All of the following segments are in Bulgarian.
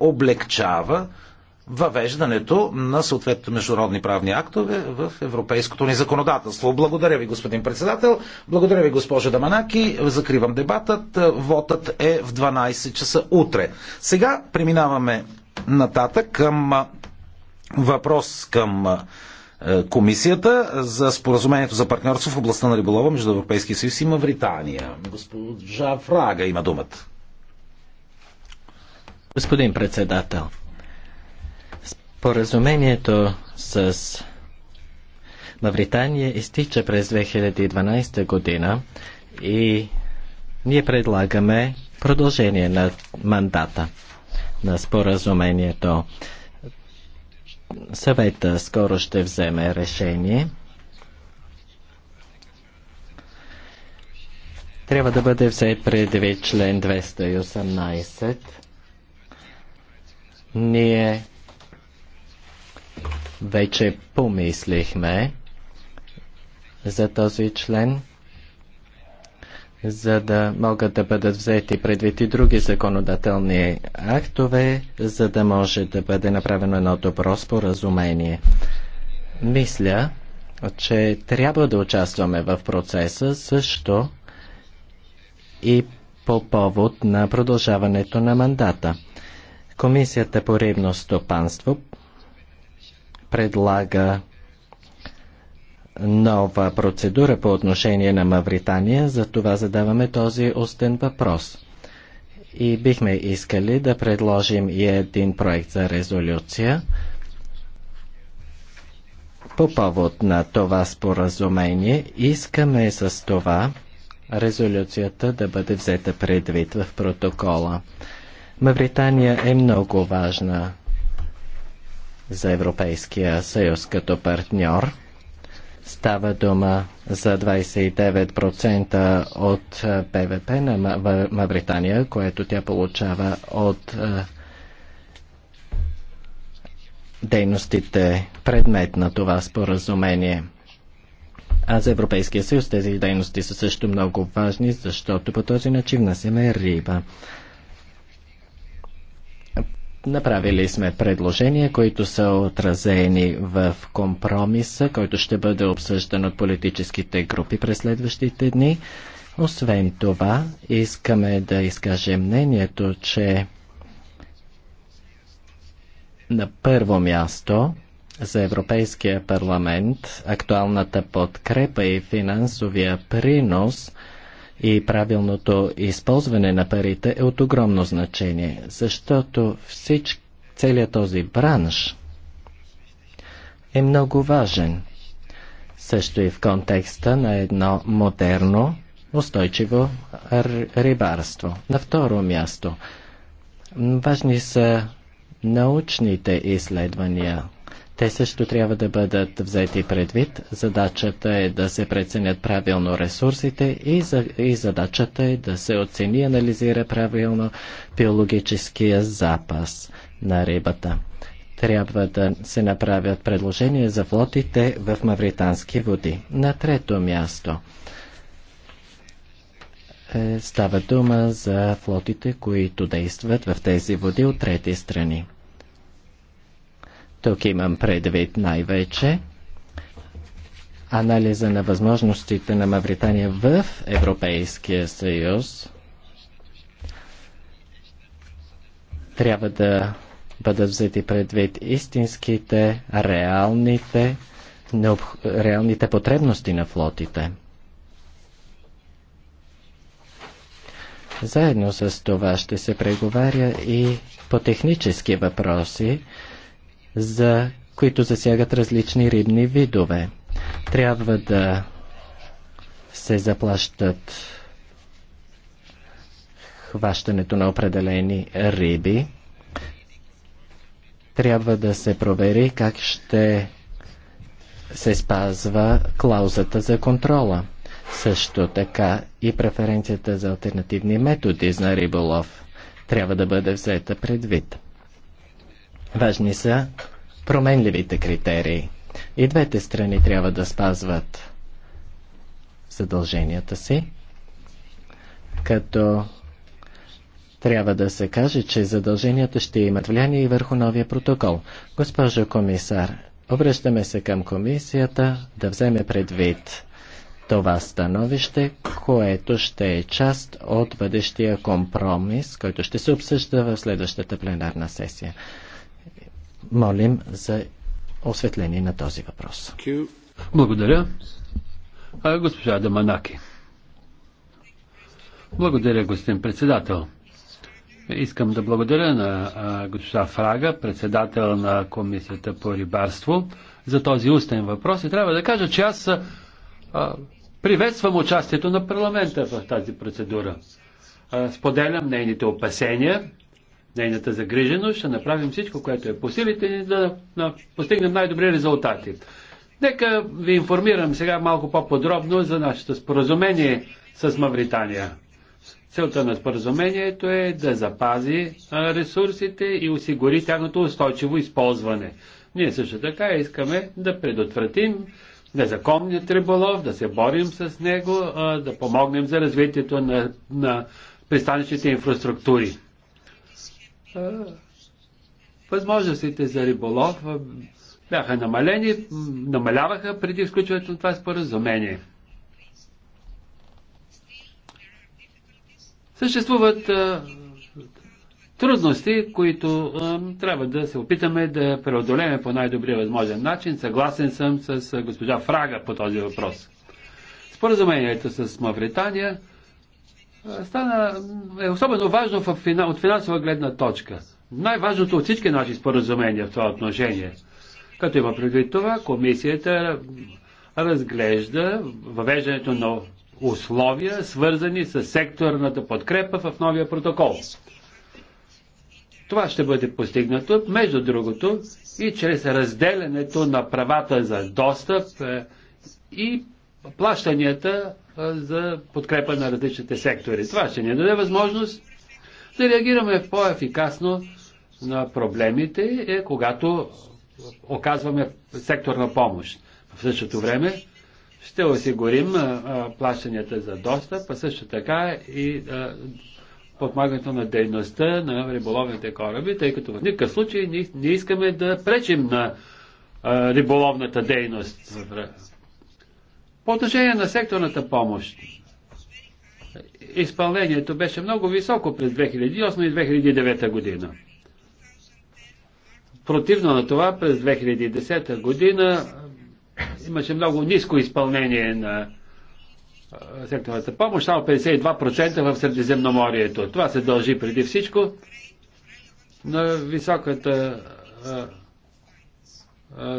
облегчава въвеждането на съответните международни правни актове в европейското ни законодателство. Благодаря ви, господин председател. Благодаря ви, госпожа Даманаки. Закривам дебатът. Вотът е в 12 часа утре. Сега преминаваме нататък към въпрос към е, комисията за споразумението за партньорство в областта на риболова между Европейския съюз и Мавритания. Госпожа Фрага има думата. Господин председател, споразумението с Мавритания изтича през 2012 година и ние предлагаме продължение на мандата на споразумението. Съвета скоро ще вземе решение. Трябва да бъде взет предвид член 218 ние вече помислихме за този член, за да могат да бъдат взети предвид и други законодателни актове, за да може да бъде направено едно добро споразумение. Мисля, че трябва да участваме в процеса също и по повод на продължаването на мандата. Комисията по рибно стопанство предлага нова процедура по отношение на Мавритания, за това задаваме този устен въпрос. И бихме искали да предложим и един проект за резолюция по повод на това споразумение. Искаме с това резолюцията да бъде взета предвид в протокола. Мавритания е много важна за Европейския съюз като партньор. Става дума за 29% от ПВП е, на Мавритания, което тя получава от е, дейностите предмет на това споразумение. А за Европейския съюз тези дейности са също много важни, защото по този начин внасяме риба. Направили сме предложения, които са отразени в компромиса, който ще бъде обсъждан от политическите групи през следващите дни. Освен това, искаме да изкажем мнението, че на първо място за Европейския парламент актуалната подкрепа и финансовия принос – и правилното използване на парите е от огромно значение, защото всич, целият този бранш е много важен. Също и в контекста на едно модерно, устойчиво рибарство. На второ място, важни са научните изследвания, те също трябва да бъдат взети предвид. Задачата е да се преценят правилно ресурсите и, за, и задачата е да се оцени и анализира правилно биологическия запас на рибата. Трябва да се направят предложения за флотите в мавритански води. На трето място е, става дума за флотите, които действат в тези води от трети страни. Тук имам предвид най-вече анализа на възможностите на Мавритания в Европейския съюз. Трябва да бъдат взети предвид истинските, реалните, необх... реалните потребности на флотите. Заедно с това ще се преговаря и по технически въпроси, за които засягат различни рибни видове. Трябва да се заплащат хващането на определени риби. Трябва да се провери как ще се спазва клаузата за контрола. Също така и преференцията за альтернативни методи за риболов трябва да бъде взета предвид. Важни са променливите критерии. И двете страни трябва да спазват задълженията си, като трябва да се каже, че задълженията ще имат влияние и върху новия протокол. Госпожо комисар, обръщаме се към комисията да вземе предвид това становище, което ще е част от бъдещия компромис, който ще се обсъжда в следващата пленарна сесия молим за осветление на този въпрос. Благодаря. А, госпожа Даманаки. Благодаря, господин председател. Искам да благодаря на а, госпожа Фрага, председател на Комисията по рибарство, за този устен въпрос. И трябва да кажа, че аз а, приветствам участието на парламента в тази процедура. А, споделям нейните опасения нейната загриженост, ще направим всичко, което е по силите ни, да, да постигнем най-добри резултати. Нека ви информирам сега малко по-подробно за нашето споразумение с Мавритания. Целта на споразумението е да запази ресурсите и осигури тяхното устойчиво използване. Ние също така искаме да предотвратим незаконният риболов, да се борим с него, да помогнем за развитието на, на пристанищните инфраструктури възможностите за риболов бяха намалени, намаляваха преди изключването на това споразумение. Съществуват трудности, които трябва да се опитаме да преодолеме по най-добрия възможен начин. Съгласен съм с госпожа Фрага по този въпрос. Споразумението с Мавритания стана, е особено важно в, от финансова гледна точка. Най-важното от всички наши споразумения в това отношение. Като има предвид това, комисията разглежда въвеждането на условия, свързани с секторната подкрепа в новия протокол. Това ще бъде постигнато, между другото, и чрез разделянето на правата за достъп е, и плащанията за подкрепа на различните сектори. Това ще ни даде възможност да реагираме по-ефикасно на проблемите, е, когато оказваме секторна помощ. В същото време ще осигурим плащанията за достъп, а също така и подмагането на дейността на риболовните кораби, тъй като в никакъв случай не искаме да пречим на риболовната дейност по отношение на секторната помощ, изпълнението беше много високо през 2008 и 2009 година. Противно на това, през 2010 година имаше много ниско изпълнение на секторната помощ, само 52% в Средиземноморието. Това се дължи преди всичко на високата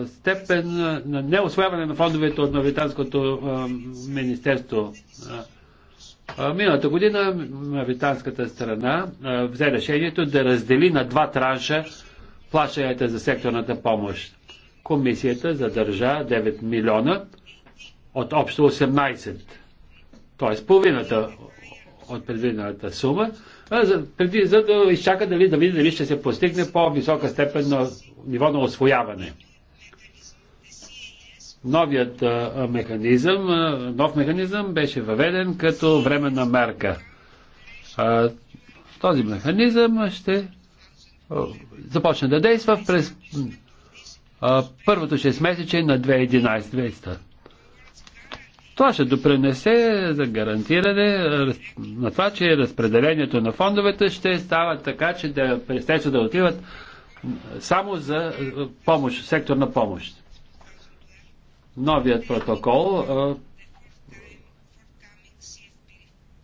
степен на неосвояване на фондовете от Мавританското министерство. Миналата година мавританската страна взе решението да раздели на два транша плащанията за секторната помощ. Комисията задържа 9 милиона от общо 18, т.е. половината от предвидената сума, за, преди, за да изчака дали да види дали ще се постигне по-висока степен на ниво на освояване. Новият механизъм, нов механизъм беше въведен като временна мерка. Този механизъм ще започне да действа през първото 6 месече на 2011 Това ще допренесе за гарантиране на това, че разпределението на фондовете ще става така, че да престече да отиват само за помощ, секторна помощ новият протокол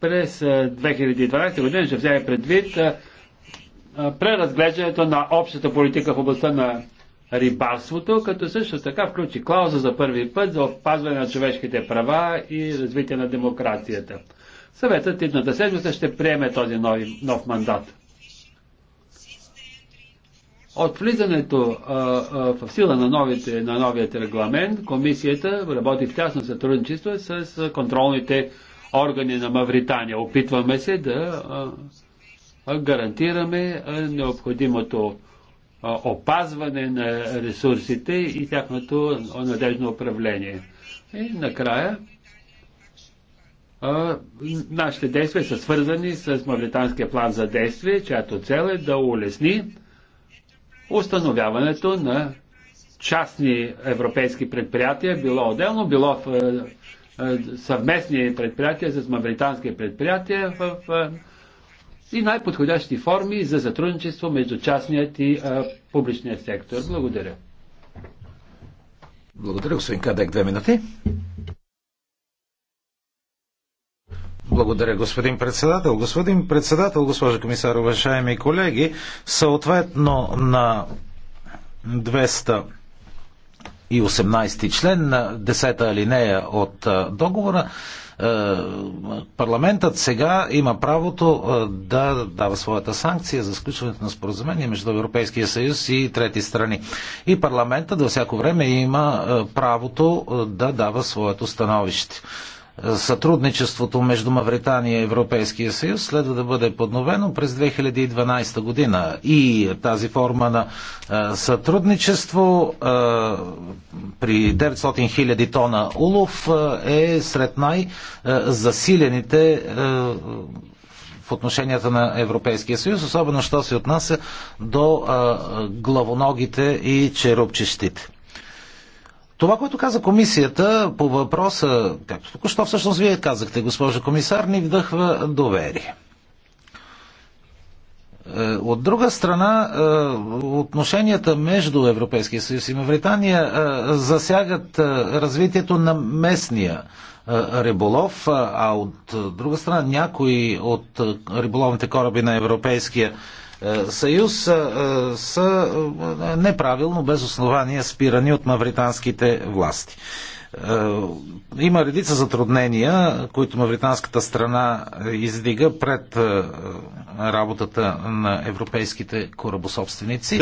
през 2012 година ще вземе предвид преразглеждането на общата политика в областта на рибарството, като също така включи клауза за първи път за опазване на човешките права и развитие на демокрацията. Съветът на седмица ще приеме този нов, нов мандат. От влизането в сила на, новите, на новият регламент, комисията работи в тясно сътрудничество с контролните органи на Мавритания. Опитваме се да гарантираме необходимото опазване на ресурсите и тяхното надежно управление. И накрая нашите действия са свързани с Мавританския план за действие, чиято цел е да улесни установяването на частни европейски предприятия, било отделно, било в е, е, съвместни предприятия с мавритански предприятия в, в е, и най-подходящи форми за сътрудничество между частният и а, публичният сектор. Благодаря. Благодаря, господин Кадек. Две минути. Благодаря, господин председател. Господин председател, госпожо комисар, уважаеми колеги, съответно на 218 член на 10-та алинея от договора, парламентът сега има правото да дава своята санкция за сключването на споразумение между Европейския съюз и трети страни. И парламентът във всяко време има правото да дава своето становище сътрудничеството между Мавритания и Европейския съюз следва да бъде подновено през 2012 година. И тази форма на сътрудничество при 900 000 тона улов е сред най-засилените в отношенията на Европейския съюз, особено що се отнася до главоногите и черупчещите. Това, което каза комисията по въпроса, както току-що всъщност вие казахте, госпожо комисар, ни вдъхва доверие. Е, от друга страна, е, отношенията между Европейския съюз и Мавритания е, засягат развитието на местния е, риболов, е, а от друга страна някои от риболовните кораби на Европейския е, съюз са неправилно, без основания спирани от мавританските власти. Има редица затруднения, които мавританската страна издига пред работата на европейските корабособственици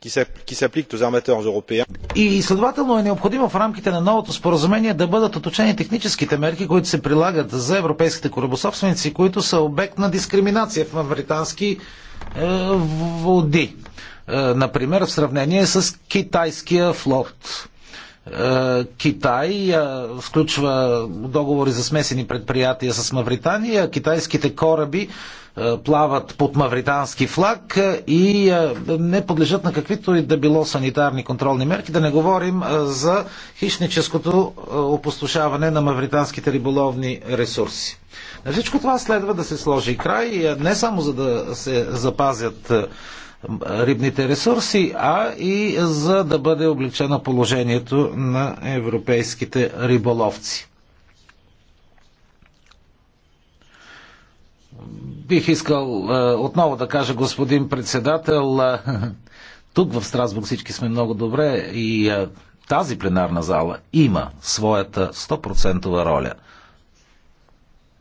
qui s'appliquent aux armateurs européens. И следователно е необходимо в рамките на новото споразумение да бъдат уточнени техническите мерки, които се прилагат за европейските корабособственици, които са обект на дискриминация в мавритански е, води. Е, например, в сравнение с китайския флот. Е, Китай е, сключва договори за смесени предприятия с Мавритания. Китайските кораби е, плават под мавритански флаг е, и е, не подлежат на каквито и да било санитарни контролни мерки, да не говорим за хищническото опустошаване на мавританските риболовни ресурси. На всичко това следва да се сложи край, не само за да се запазят рибните ресурси, а и за да бъде облегчено положението на европейските риболовци. Бих искал е, отново да кажа, господин председател, е, тук в Страсбург всички сме много добре и е, тази пленарна зала има своята 100% роля.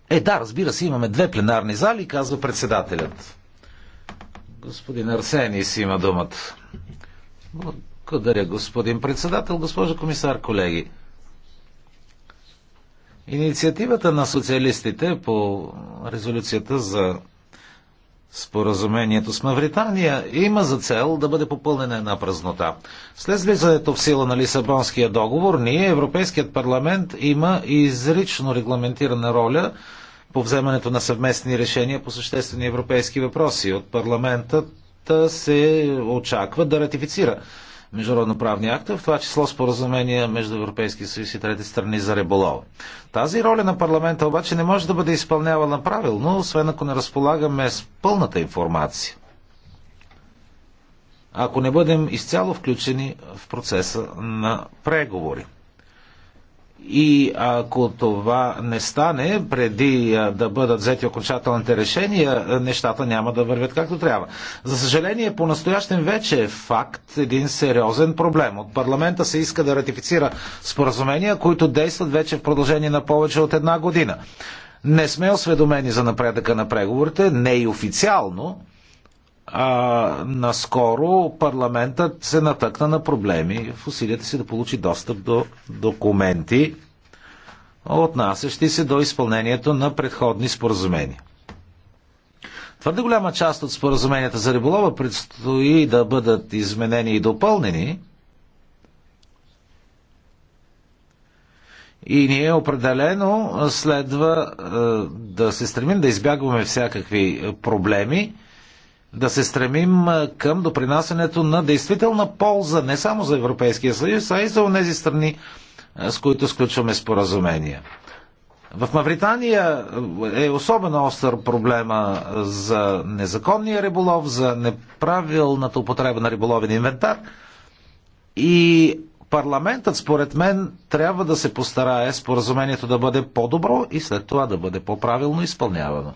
Е, да, разбира се, имаме две пленарни зали, казва председателят. Господин Арсенис има думата. Благодаря, господин председател, госпожа комисар, колеги. Инициативата на социалистите по резолюцията за Споразумението с Мавритания има за цел да бъде попълнена една празнота. След влизането в сила на Лисабонския договор, ние, Европейският парламент, има изрично регламентирана роля по вземането на съвместни решения по съществени европейски въпроси. От парламентът се очаква да ратифицира международноправни акта, в това число споразумения между Европейския съюз и трети страни за риболов. Тази роля на парламента обаче не може да бъде изпълнявана правилно, освен ако не разполагаме с пълната информация. Ако не бъдем изцяло включени в процеса на преговори. И ако това не стане преди да бъдат взети окончателните решения, нещата няма да вървят както трябва. За съжаление, по-настоящен вече е факт един сериозен проблем. От парламента се иска да ратифицира споразумения, които действат вече в продължение на повече от една година. Не сме осведомени за напредъка на преговорите, не и официално, а, наскоро парламентът се натъкна на проблеми в усилията си да получи достъп до документи, отнасящи се до изпълнението на предходни споразумения. Твърде голяма част от споразуменията за риболова предстои да бъдат изменени и допълнени. И ние определено следва е, да се стремим да избягваме всякакви проблеми, да се стремим към допринасянето на действителна полза не само за Европейския съюз, а и за тези страни, с които сключваме споразумения. В Мавритания е, е особено остър проблема за незаконния риболов, за неправилната употреба на риболовен инвентар и парламентът, според мен, трябва да се постарае споразумението да бъде по-добро и след това да бъде по-правилно изпълнявано.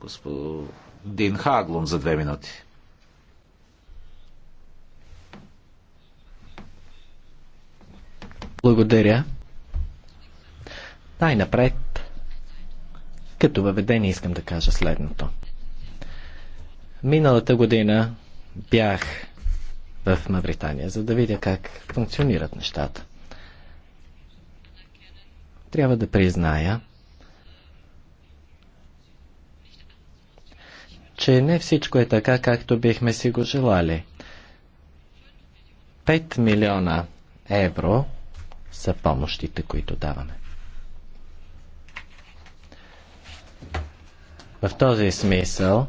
Господин Дин Хаглун за две минути. Благодаря. Най-напред, като въведение искам да кажа следното. Миналата година бях в Мавритания, за да видя как функционират нещата. Трябва да призная, че не всичко е така, както бихме си го желали. 5 милиона евро са помощите, които даваме. В този смисъл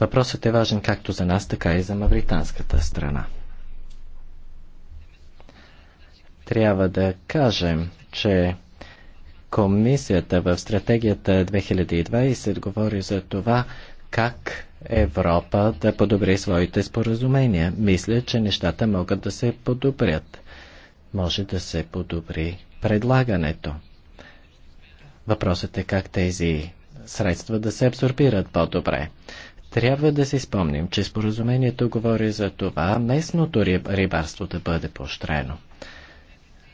въпросът е важен както за нас, така и за мавританската страна. Трябва да кажем, че Комисията в стратегията 2020 говори за това как Европа да подобри своите споразумения. Мисля, че нещата могат да се подобрят. Може да се подобри предлагането. Въпросът е как тези средства да се абсорбират по-добре. Трябва да си спомним, че споразумението говори за това местното рибарство да бъде поощрено.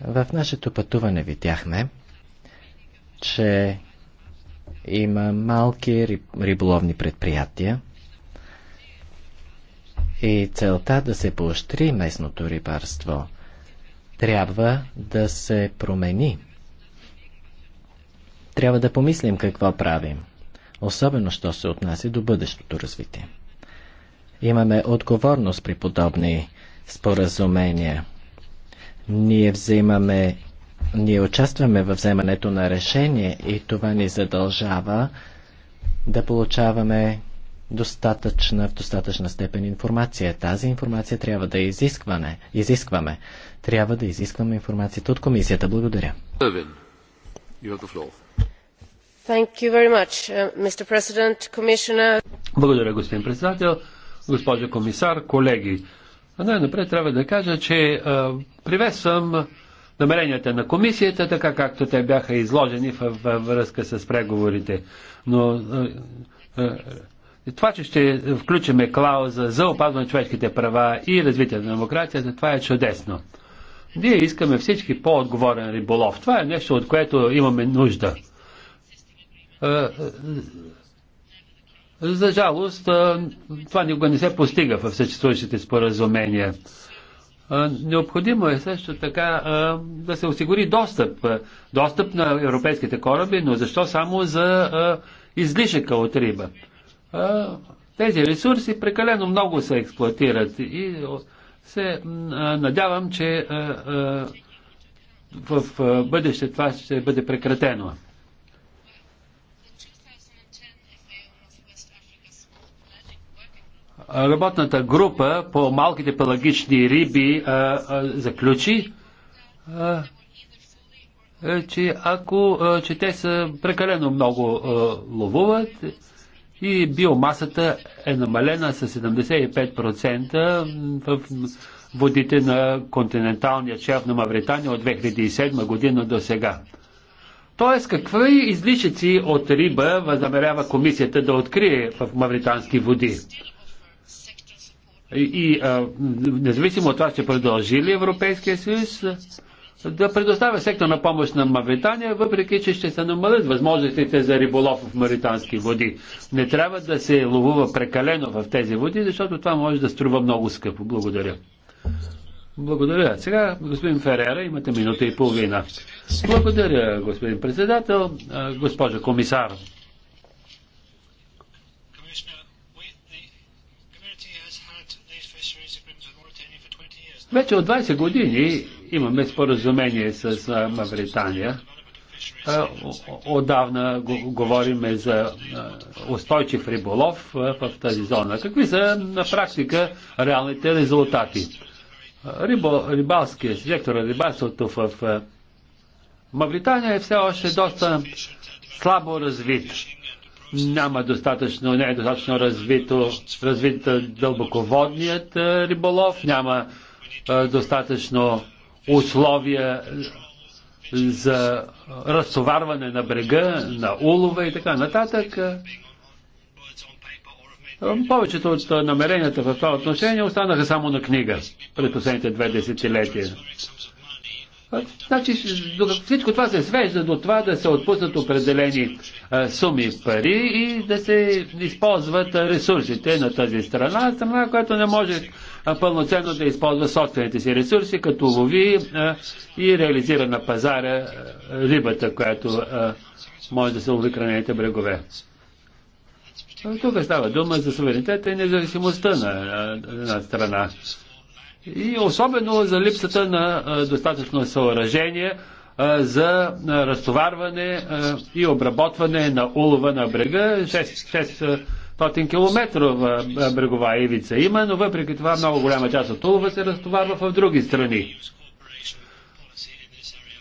В нашето пътуване видяхме, че има малки риболовни предприятия и целта да се поощри местното рибарство трябва да се промени. Трябва да помислим какво правим, особено що се отнася до бъдещото развитие. Имаме отговорност при подобни споразумения. Ние взимаме ние участваме във вземането на решение и това ни задължава да получаваме достатъчна, в достатъчна степен информация. Тази информация трябва да изискване, изискваме. Трябва да изискваме информацията от комисията. Благодаря. Much, uh, Благодаря, господин председател, госпожо комисар, колеги. Най-напред трябва да кажа, че приветствам намеренията на комисията, така както те бяха изложени във връзка с преговорите. Но е, е, е, това, че ще включиме клауза за опазване на човешките права и развитие на демокрацията, това е чудесно. Ние искаме всички по-отговорен риболов. Това е нещо, от което имаме нужда. За жалост, това никога не се постига в съществуващите споразумения. Необходимо е също така да се осигури достъп. Достъп на европейските кораби, но защо само за излишъка от риба? Тези ресурси прекалено много се експлуатират и се надявам, че в бъдеще това ще бъде прекратено. работната група по малките пелагични риби а, а, заключи, а, че ако а, че те са прекалено много а, ловуват и биомасата е намалена с 75% в водите на континенталния черв на Мавритания от 2007 година до сега. Тоест, какви излишъци от риба възнамерява комисията да открие в мавритански води? И а, независимо от това, че продължи ли Европейския съюз да предоставя секторна помощ на Мавритания, въпреки че ще се намалят възможностите за риболов в маритански води. Не трябва да се ловува прекалено в тези води, защото това може да струва много скъпо. Благодаря. Благодаря. Сега, господин Ферера, имате минута и половина. Благодаря, господин председател, госпожа комисар. Вече от 20 години имаме споразумение с Мавритания. Отдавна говорим за устойчив риболов в тази зона. Какви са на практика реалните резултати? Рибо, рибалския сектор, рибалството в Мавритания е все още доста слабо развит. Няма достатъчно, не е достатъчно развито, развит дълбоководният риболов, няма е, достатъчно условия за разтоварване на брега, на улова и така нататък. Е, повечето от намеренията в това отношение останаха само на книга през последните две десетилетия. Е, значи, всичко това се свежда до това да се отпуснат определени суми пари и да се използват ресурсите на тази страна, страна, която не може пълноценно да използва собствените си ресурси, като лови и реализира на пазара рибата, която може да се лови крайните брегове. Тук става дума за суверенитета и независимостта на една страна. И особено за липсата на достатъчно съоръжение за разтоварване и обработване на улова на брега. 6, 500 км брегова ивица има, но въпреки това много голяма част от тулова се разтоварва в други страни.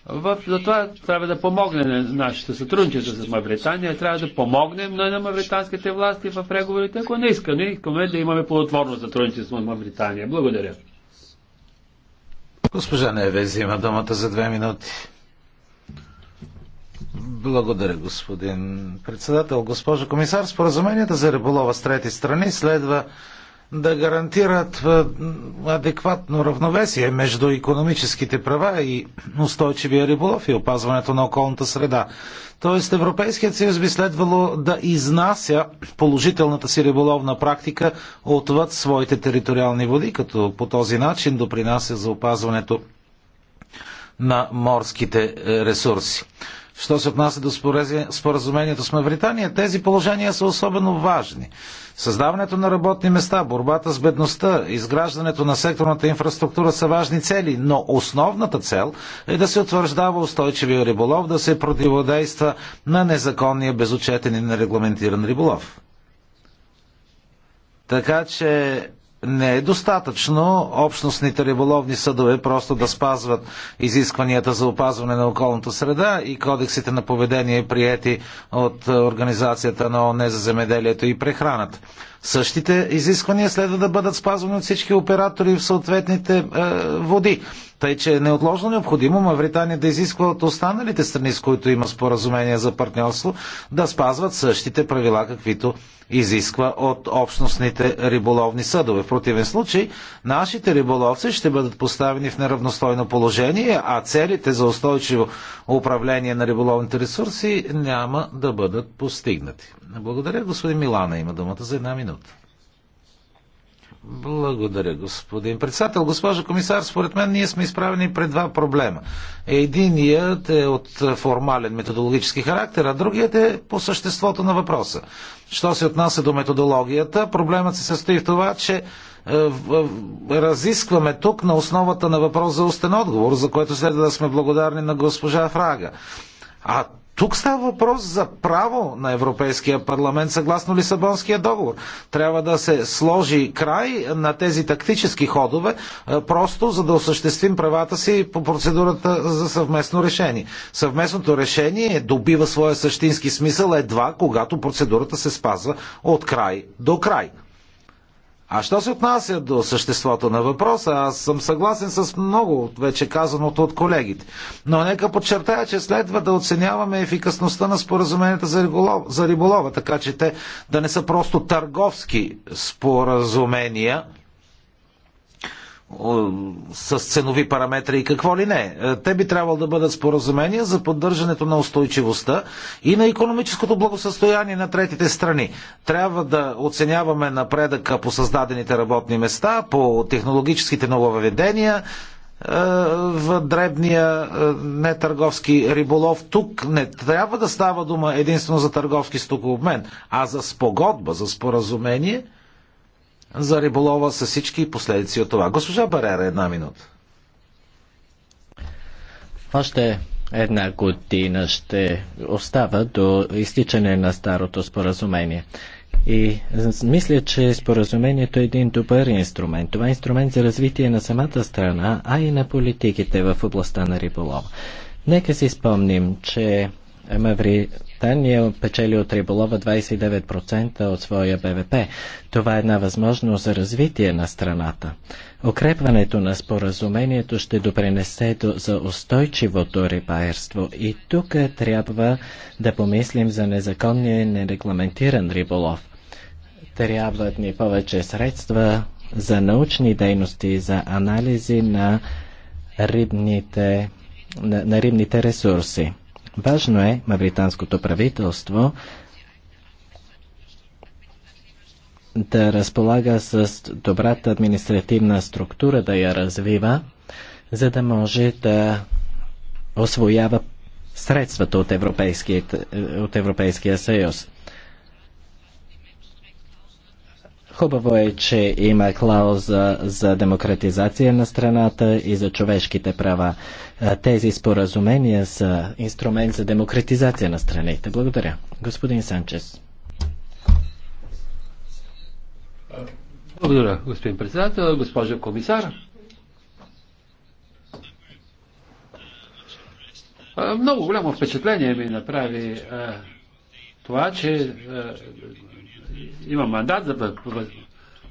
В, затова трябва да помогнем на нашето сътрудничество с Мавритания, трябва да помогнем на, на мавританските власти в преговорите, ако не искаме, искаме да имаме плодотворно сътрудничество с Мавритания. Благодаря. Госпожа Неве взима думата за две минути. Благодаря, господин председател. Госпожо комисар, споразуменията за риболова с трети страни следва да гарантират адекватно равновесие между економическите права и устойчивия риболов и опазването на околната среда. Тоест Европейският съюз би следвало да изнася положителната си риболовна практика отвъд своите териториални води, като по този начин допринася за опазването на морските ресурси. Що се отнася до споразумението с Мавритания, тези положения са особено важни. Създаването на работни места, борбата с бедността, изграждането на секторната инфраструктура са важни цели, но основната цел е да се утвърждава устойчивия риболов, да се противодейства на незаконния, безучетен и нерегламентиран риболов. Така че не е достатъчно общностните риболовни съдове просто да спазват изискванията за опазване на околната среда и кодексите на поведение, приети от Организацията на ООН за земеделието и прехраната. Същите изисквания следва да бъдат спазвани от всички оператори в съответните е, води. Тъй, че е неотложно необходимо Мавритания да изисква от останалите страни, с които има споразумение за партньорство, да спазват същите правила, каквито изисква от общностните риболовни съдове. В противен случай, нашите риболовци ще бъдат поставени в неравностойно положение, а целите за устойчиво управление на риболовните ресурси няма да бъдат постигнати. Благодаря, господин Милана. Има думата за една минута минута. Благодаря, господин председател. Госпожо комисар, според мен ние сме изправени пред два проблема. Единият е от формален методологически характер, а другият е по съществото на въпроса. Що се отнася до методологията, проблемът се състои в това, че е, разискваме тук на основата на въпрос за устен отговор, за което следва да сме благодарни на госпожа Фрага. А тук става въпрос за право на Европейския парламент съгласно Лисабонския договор. Трябва да се сложи край на тези тактически ходове, е, просто за да осъществим правата си по процедурата за съвместно решение. Съвместното решение е, добива своя същински смисъл едва когато процедурата се спазва от край до край. А що се отнася до съществото на въпроса, аз съм съгласен с много от вече казаното от колегите. Но нека подчертая, че следва да оценяваме ефикасността на споразуменията за, риболов, за риболова, така че те да не са просто търговски споразумения, с ценови параметри и какво ли не. Е, те би трябвало да бъдат споразумения за поддържането на устойчивостта и на економическото благосъстояние на третите страни. Трябва да оценяваме напредъка по създадените работни места, по технологическите нововведения, е, в дребния е, нетърговски риболов. Тук не трябва да става дума единствено за търговски стокообмен, а за спогодба, за споразумение – за риболова с всички последици от това. Госпожа Барера, една минута. Още една година ще остава до изтичане на старото споразумение. И мисля, че споразумението е един добър инструмент. Това е инструмент за развитие на самата страна, а и на политиките в областта на риболова. Нека си спомним, че Маври Великобритания печели от риболова 29% от своя БВП. Това е една възможност за развитие на страната. Укрепването на споразумението ще допринесе до, за устойчивото рибаерство и тук трябва да помислим за незаконния и нерегламентиран риболов. Трябват ни повече средства за научни дейности, за анализи на рибните, на, на рибните ресурси. Важно е мавританското правителство да разполага с добрата административна структура, да я развива, за да може да освоява средствата от Европейския, от Европейския съюз. Хубаво е, че има клауза за демократизация на страната и за човешките права. Тези споразумения са инструмент за демократизация на страните. Благодаря. Господин Санчес. Благодаря, господин председател, госпожа комисар. Много голямо впечатление ми направи това, че има мандат за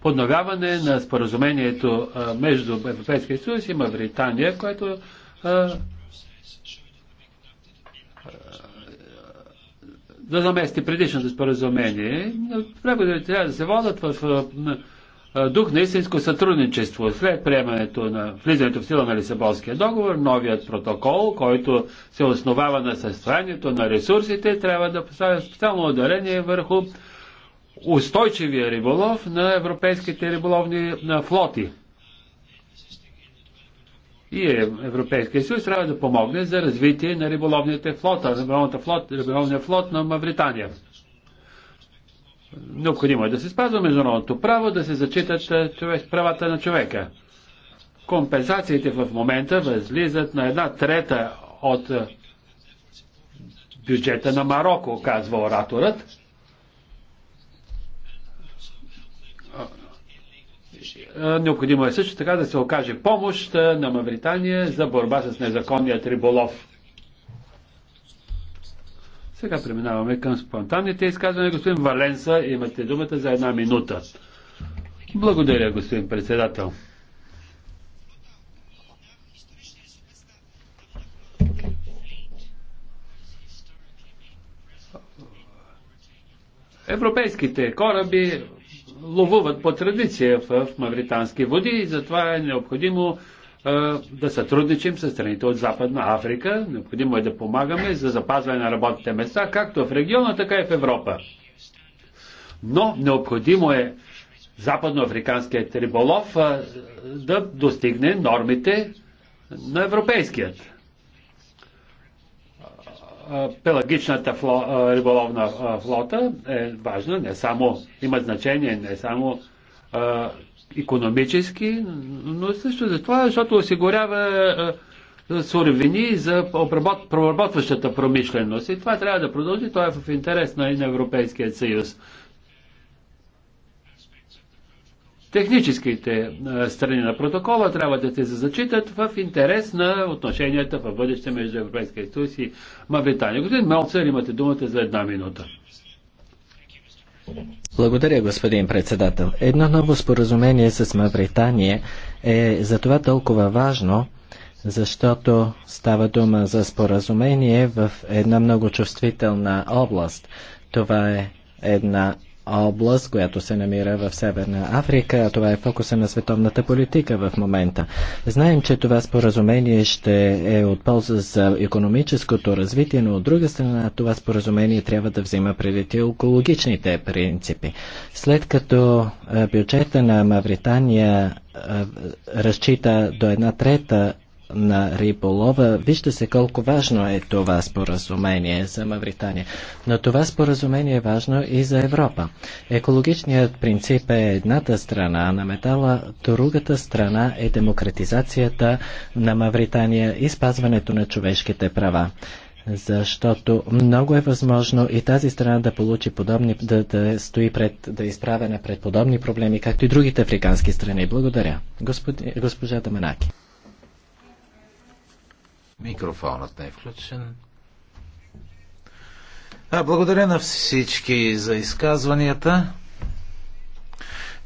подновяване на споразумението между Европейския съюз и Мавритания, което да замести предишното споразумение. Преговорите трябва да се водят в дух на истинско сътрудничество. След приемането на влизането в сила на Лисабонския договор, новият протокол, който се основава на състоянието на ресурсите, трябва да поставя специално ударение върху устойчивия риболов на европейските риболовни на флоти. И Европейския съюз трябва да помогне за развитие на риболовните флота, риболовната флот, риболовния флот на Мавритания. Необходимо е да се спазва международното право, да се зачитат човек, правата на човека. Компенсациите в момента възлизат на една трета от бюджета на Марокко, казва ораторът Е, необходимо е също така да се окаже помощ е, на Мавритания за борба с незаконният риболов. Сега преминаваме към спонтанните изказвания. Господин Валенса, имате думата за една минута. Благодаря, господин председател. Европейските кораби ловуват по традиция в мавритански води и затова е необходимо да сътрудничим с страните от Западна Африка. Необходимо е да помагаме за запазване на работните места, както в региона, така и в Европа. Но необходимо е западноафриканският риболов да достигне нормите на европейският пелагичната фло, риболовна флота е важна, не само, има значение не само а, економически, но също за това, защото осигурява суровини за обработ, преработващата промишленост. И това трябва да продължи, това е в интерес на Европейския съюз техническите страни на протокола трябва да се зачитат в интерес на отношенията в бъдеще между Европейския съюз и Мавритания. Господин Мелцер, имате думата за една минута. Благодаря, господин председател. Едно ново споразумение с Мавритания е за това толкова важно, защото става дума за споразумение в една много чувствителна област. Това е една област, която се намира в Северна Африка, а това е фокуса на световната политика в момента. Знаем, че това споразумение ще е от полза за економическото развитие, но от друга страна това споразумение трябва да взима преди екологичните принципи. След като бюджета на Мавритания разчита до една трета на риболова. Вижте се колко важно е това споразумение за Мавритания. Но това споразумение е важно и за Европа. Екологичният принцип е едната страна на метала, другата страна е демократизацията на Мавритания и спазването на човешките права защото много е възможно и тази страна да получи подобни, да, да стои пред, да е изправена пред подобни проблеми, както и другите африкански страни. Благодаря. Господи, госпожа Даманаки. Микрофонът не е включен. А, благодаря на всички за изказванията.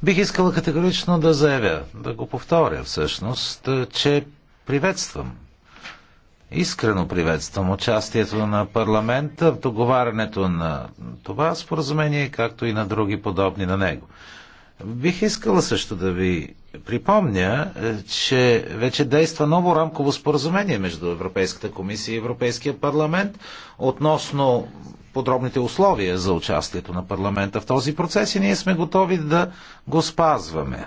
Бих искала категорично да заявя, да го повторя всъщност, че приветствам. Искрено приветствам участието на парламента в договарянето на това споразумение, както и на други подобни на него. Бих искала също да ви припомня, е, че вече действа ново рамково споразумение между Европейската комисия и Европейския парламент относно подробните условия за участието на парламента в този процес и ние сме готови да го спазваме.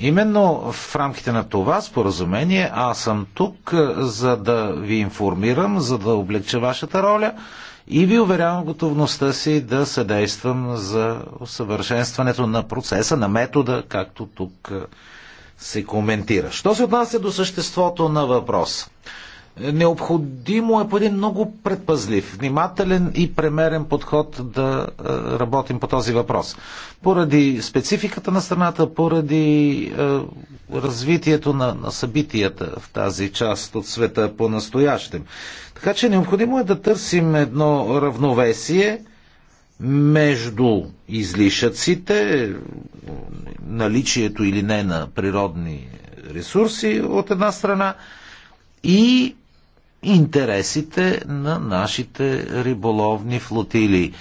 Именно в рамките на това споразумение аз съм тук, е, за да ви информирам, за да облегча вашата роля и ви уверявам готовността си да съдействам за усъвършенстването на процеса, на метода, както тук е, се коментира. Що се отнася до съществото на въпроса? Необходимо е по един много предпазлив, внимателен и премерен подход да е, работим по този въпрос. Поради спецификата на страната, поради е, развитието на, на събитията в тази част от света по-настоящем. Така че необходимо е да търсим едно равновесие между излишъците, наличието или не на природни ресурси от една страна и интересите на нашите риболовни флотилии.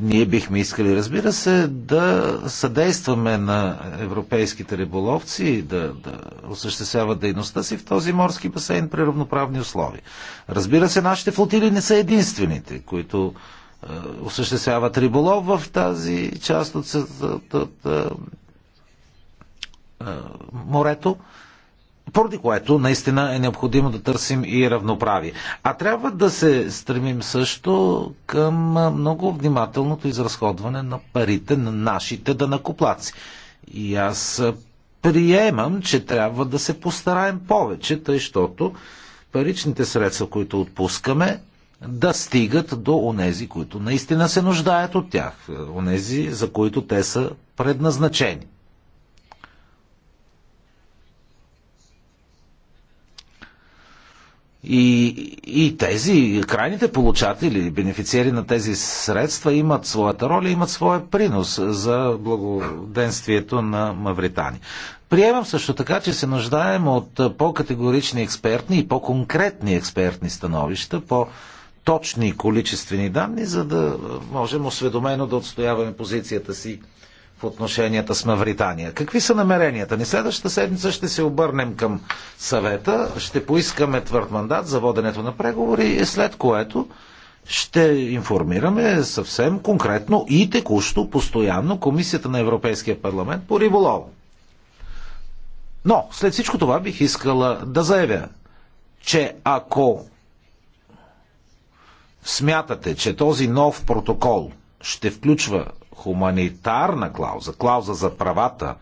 Ние бихме искали, разбира се, да съдействаме на европейските риболовци да, да осъществяват дейността си в този морски басейн при равноправни условия. Разбира се, нашите флотили не са единствените, които е, осъществяват риболов в тази част от, от, от, от е, от е, морето поради което наистина е необходимо да търсим и равноправие. А трябва да се стремим също към много внимателното изразходване на парите на нашите данакоплаци. И аз приемам, че трябва да се постараем повече, тъй защото паричните средства, които отпускаме, да стигат до онези, които наистина се нуждаят от тях, онези, за които те са предназначени. И, и тези крайните получатели, бенефициери на тези средства имат своята роля, имат своя принос за благоденствието на Мавритания. Приемам също така, че се нуждаем от по-категорични експертни и по-конкретни експертни становища, по точни количествени данни, за да можем осведомено да отстояваме позицията си в отношенията с Мавритания. Какви са намеренията ни? Следващата седмица ще се обърнем към съвета, ще поискаме твърд мандат за воденето на преговори, след което ще информираме съвсем конкретно и текущо, постоянно Комисията на Европейския парламент по риболов. Но след всичко това бих искала да заявя, че ако смятате, че този нов протокол ще включва хуманитарна клауза, клауза за правата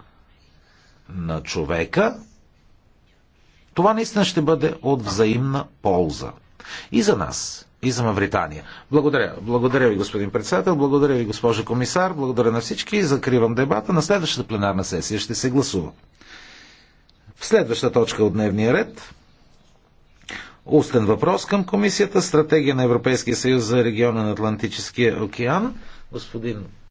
на човека, това наистина ще бъде от взаимна полза. И за нас, и за Мавритания. Благодаря. Благодаря ви, господин председател. Благодаря ви, госпожа комисар. Благодаря на всички. Закривам дебата. На следващата пленарна сесия ще се гласува. В следваща точка от дневния ред. Устен въпрос към комисията. Стратегия на Европейския съюз за региона на Атлантическия океан. Господин